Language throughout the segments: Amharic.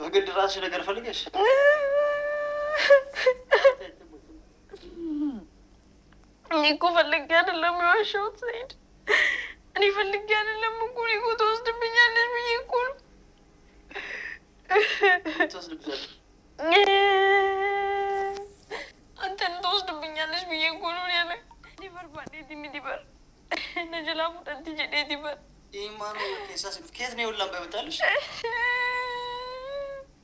በግድ ራስሽ ነገር ፈልገሽ እኔ እኮ ፈልጌ አይደለም የዋሻሁት ሰይድ። እኔ ፈልጌ አይደለም እኮ እኔ እኮ ትወስድብኛለሽ ብዬ እኮ ነው። አንተን ትወስድብኛለሽ ብዬ እኮ ነው ያለ ዲበር ባዴቲሚ ዲበር ነጀላ ቡጠንት ቡጠንቲጀ ዲበር ይህ ማኑ ሳስ ከየት ነው የሁላም ባይመጣልሽ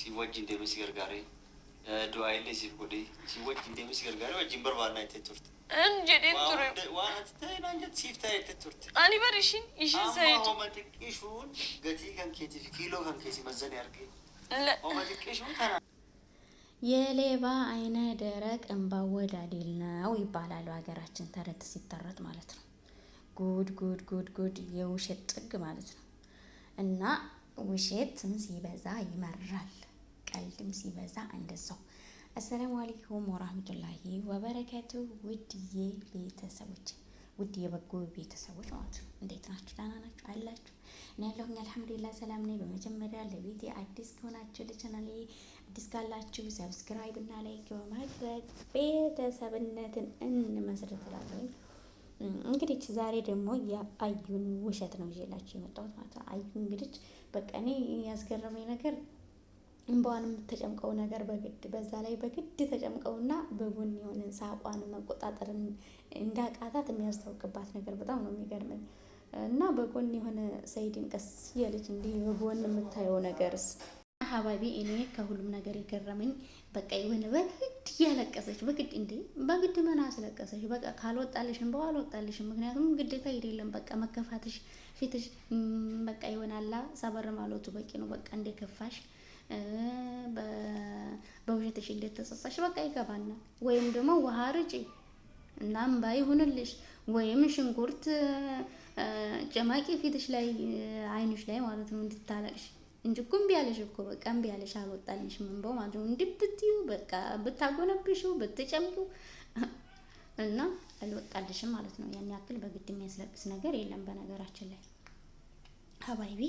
ሲወጅ እንደሚስገርጋሪ ዱአይሌ ሲፉዲ ሲወጅ እንደሚስገርጋሪ ወጅን በርባና ይተቱርት እንጀዴን ቱሩ ዋንተይና ሲፍታ ይተቱርት አኒ በርሽን ይሽን ሰይቱ ሆመጥቅሹን ገቲ ከንኬቲፍ ኪሎ ከንኬሲ መዘን ያርግ ሆመጥቅሹን ተና የሌባ አይነ ደረቅ እንባ ወዳዴል ነው ይባላሉ። ሀገራችን ተረት ሲተረት ማለት ነው። ጉድ ጉድ ጉድ ጉድ የውሸት ጥግ ማለት ነው እና ውሸትም ሲበዛ ይመራል፣ ቀልድም ሲበዛ እንደዛው። አሰላሙ አለይኩም ወራህመቱላሂ ወበረከቱ። ውድዬ ቤተሰቦች፣ ውድ የበጎ ቤተሰቦች ማለት ነው። እንዴት ናችሁ? ደህና ናችሁ አላችሁ? እኔ ያለሁኝ አልሐምዱሊላህ ሰላም ነኝ። በመጀመሪያ ለቤቴ አዲስ ከሆናችሁ ለቻናሌ አዲስ ካላችሁ ሰብስክራይብ እና ላይክ በማድረግ ቤተሰብነትን እንመስርትላለሁ። እንግዲህ ዛሬ ደግሞ የአዩን ውሸት ነው ይዤላችሁ የመጣሁት ማለት ነው። አዩ እንግዲህ በቃ እኔ ያስገረመኝ ነገር እንባዋን የምትጨምቀው ነገር በግድ በዛ ላይ በግድ ተጨምቀውና በጎን የሆነ ሳቋን መቆጣጠር እንዳቃታት የሚያስታውቅባት ነገር በጣም ነው የሚገርመኝ። እና በጎን የሆነ ሰይድን ቀስ እያለች እንዲህ በጎን የምታየው ነገርስ ሀባቢ እኔ ከሁሉም ነገር የገረመኝ በቃ የሆነ በግድ እያለቀሰች በግድ እንዴ በግድ መና አስለቀሰች። በቃ ካልወጣልሽም በኋላ አልወጣልሽም። ምክንያቱም ግዴታ አይደለም በቃ መከፋትሽ ፊትሽ በቃ ይሆናላ ሰበር ማለቱ በቂ ነው። በቃ እንደ ከፋሽ በውሸትሽ እንደተጸጸሽ በቃ ይገባና ወይም ደግሞ ውሃ ርጪ እና እምባ ይሁንልሽ ወይም ሽንኩርት ጨማቂ ፊትሽ ላይ አይንሽ ላይ ማለት ነው እንድታለቅሽ እንጂ እኮ እምቢ አለሽ እኮ በቃ እምቢ አለሽ አልወጣልሽ ምን በው ማለት ነው። እንዲህ ብትዩ በቃ ብታጎነብሹ ብትጨምቁ እና አልወጣልሽም ማለት ነው። ያን ያክል በግድ የሚያስለቅስ ነገር የለም በነገራችን ላይ ሀባይቢ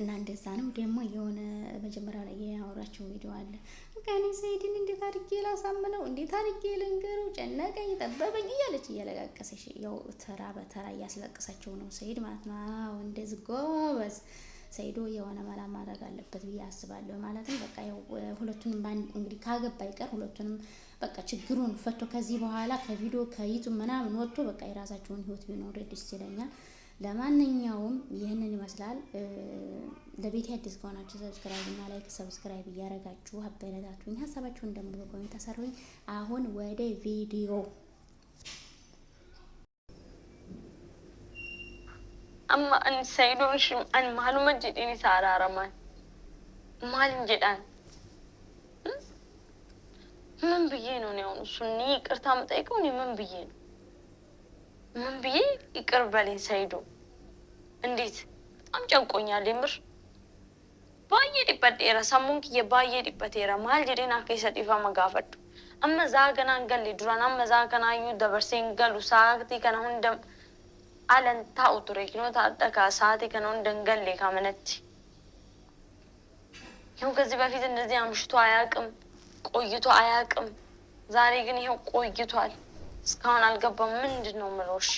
እና እንደዛ ነው። ደግሞ የሆነ መጀመሪያ ላይ ያወራቸው ቪዲዮ አለ በቃ እኔ ሰይድን እንዴት አድርጌ ላሳምነው፣ እንዴት አድርጌ ልንገረው፣ ጨነቀኝ፣ ጠበበኝ እያለች እያለቃቀሰች ያው ተራ በተራ እያስለቀሰችው ነው ሰይድ ማለት ነው። አዎ እንደዚህ ጎበዝ ሰይዶ የሆነ መላ ማድረግ አለበት ብዬ አስባለሁ። ማለትም በቃ ሁለቱንም እንግዲህ ካገባ ይቀር ሁለቱንም በቃ ችግሩን ፈቶ ከዚህ በኋላ ከቪዲዮ ከይቱ ምናምን ወጥቶ በቃ የራሳቸውን ህይወት ቢኖር ደስ ይለኛል። ለማንኛውም ይህንን ይመስላል። ለቤት አዲስ ከሆናችሁ ሰብስክራይብ እና ላይክ ሰብስክራይብ እያደረጋችሁ አበረታቱኝ። ሀሳባችሁን ደግሞ በኮሜንት አሰሩኝ። አሁን ወደ ቪዲዮ amma an sayidon shi an maaluma jedheen isa araaraman maalin jedhaan ምን ብዬ ነው እኔ አሁን እሱን ይቅርታ የምጠይቀው? እኔ ምን ብዬ ነው ምን ብዬ ይቅር በለኝ ሰይዶ፣ እንዴት በጣም ጨንቆኛል የምር ባዬ ዲበት ዴራ ሰሙን ክዬ ባዬ ዲበት ዴራ ማል ጀዴን አከሰ ዲፋ መጋፈዱ አመዛ ገና እንገል ዱራን አመዛ ከናዩ ደበርሴን ገሉ ሳክቲ ከናሁን ደም alantaa otoreekinoota adda kaasaatii kan ወንደንገሌ ካመነች ይኸው ከዚህ በፊት እንደዚህ አምሽቶ አያውቅም፣ ቆይቶ አያውቅም። ዛሬ ግን ይኸው ቆይቷል። እስካሁን አልገባም። ምንድን ነው ምሎሽ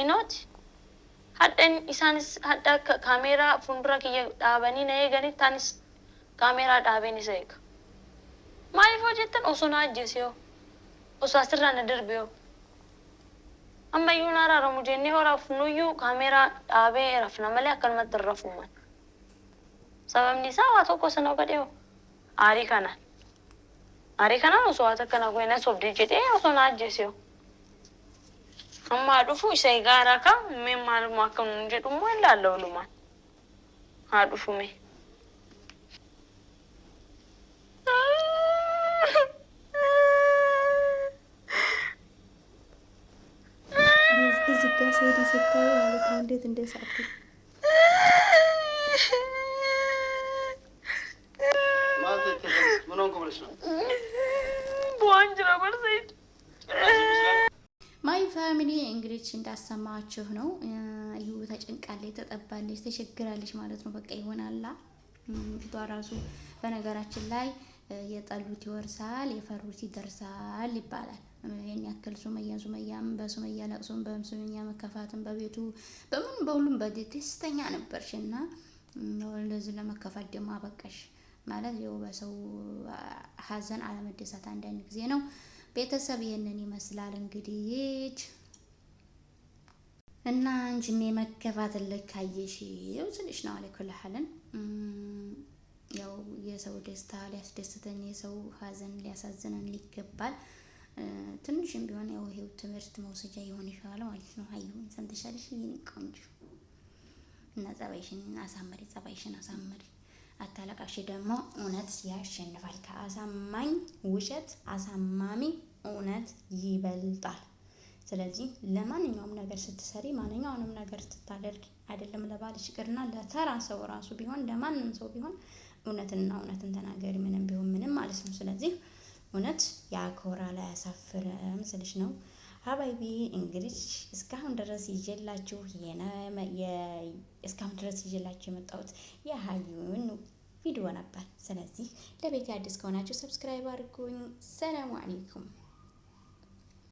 ኢኖት ሀደን ኢሳንስ ሀዳ ካሜራ ፉንዱራ ክየ ዳበኒ ነዬ ገኒታንስ ካሜራ ዳቤን ይሰይቅ ማሊፎ ጀትን ኦሶና አጀሲዮ ኦሶ አስራ ነደርቢዮ ammayyuu haaraa mujeenni horaaf nuyyuu kaameeraa dhaabee rafna malee akkanumatti hin rafuman. Sababni isaa waa tokko sana godhee aarii kana. Aarii kanaan osoo waa takka na goone soof dijjitee osoo na ajjeese. Amma haa dhufu isa gaaraa kan miin maalummaa akka nuun jedhu immoo hin laallawlumaan haa dhufu mee. ጋ ስሄድ ስታዩ ማለት ነው እንዴት እንደሳቁ ማይ ፋሚሊ እንግዲህ እንዳሰማችሁ ነው። ይሁ ተጨንቃለች፣ ተጠባለች፣ ተቸግራለች ማለት ነው። በቃ ይሆናላ ፊቷ ራሱ በነገራችን ላይ የጠሉት ይወርሳል፣ የፈሩት ይደርሳል ይባላል። ይህን ያክል ሱመያ ሱመያም በሱመያ ለቅሶም በሱመያ መከፋትም በቤቱ በምን በሁሉም በደስተኛ ነበርሽ እና እንደዚህ ለመከፋት ደግሞ አበቀሽ ማለት ያው በሰው ሀዘን አለመደሳት አንዳንድ ጊዜ ነው። ቤተሰብ ይህንን ይመስላል እንግዲህ እና እንጂ መከፋት ልካየሽ ትንሽ ነው አለኩልሃልን ያው የሰው ደስታ ሊያስደስተን፣ የሰው ሀዘን ሊያሳዝነን ይገባል። ትንሽም ቢሆን ያው ይሄው ትምህርት መውሰጃ ይሆን ይሻላል ማለት ነው። ሀዩ ሰምተሻለሽ? ይህን ቆንጆ እና ጸባይሽን አሳመሪ፣ ጸባይሽን አሳመሪ። አታለቃሽ ደግሞ እውነት ያሸንፋል። ከአሳማኝ ውሸት አሳማሚ እውነት ይበልጣል። ስለዚህ ለማንኛውም ነገር ስትሰሪ፣ ማንኛውንም ነገር ስታደርግ አይደለም ለባልሽ ይቅርና ለተራ ሰው ራሱ ቢሆን ለማንም ሰው ቢሆን እውነትና እውነትን ተናገሪ ምንም ቢሆን ምንም ማለት ነው። ስለዚህ እውነት ያኮራል አያሳፍርም ስልሽ ነው ሀባይቢ። እንግዲህ እስካሁን ድረስ ይዤላችሁ እስካሁን ድረስ ይዤላችሁ የመጣሁት የሀዩን ቪዲዮ ነበር። ስለዚህ ለቤት አዲስ ከሆናችሁ ሰብስክራይብ አድርጉኝ። ሰላሙ አሌይኩም።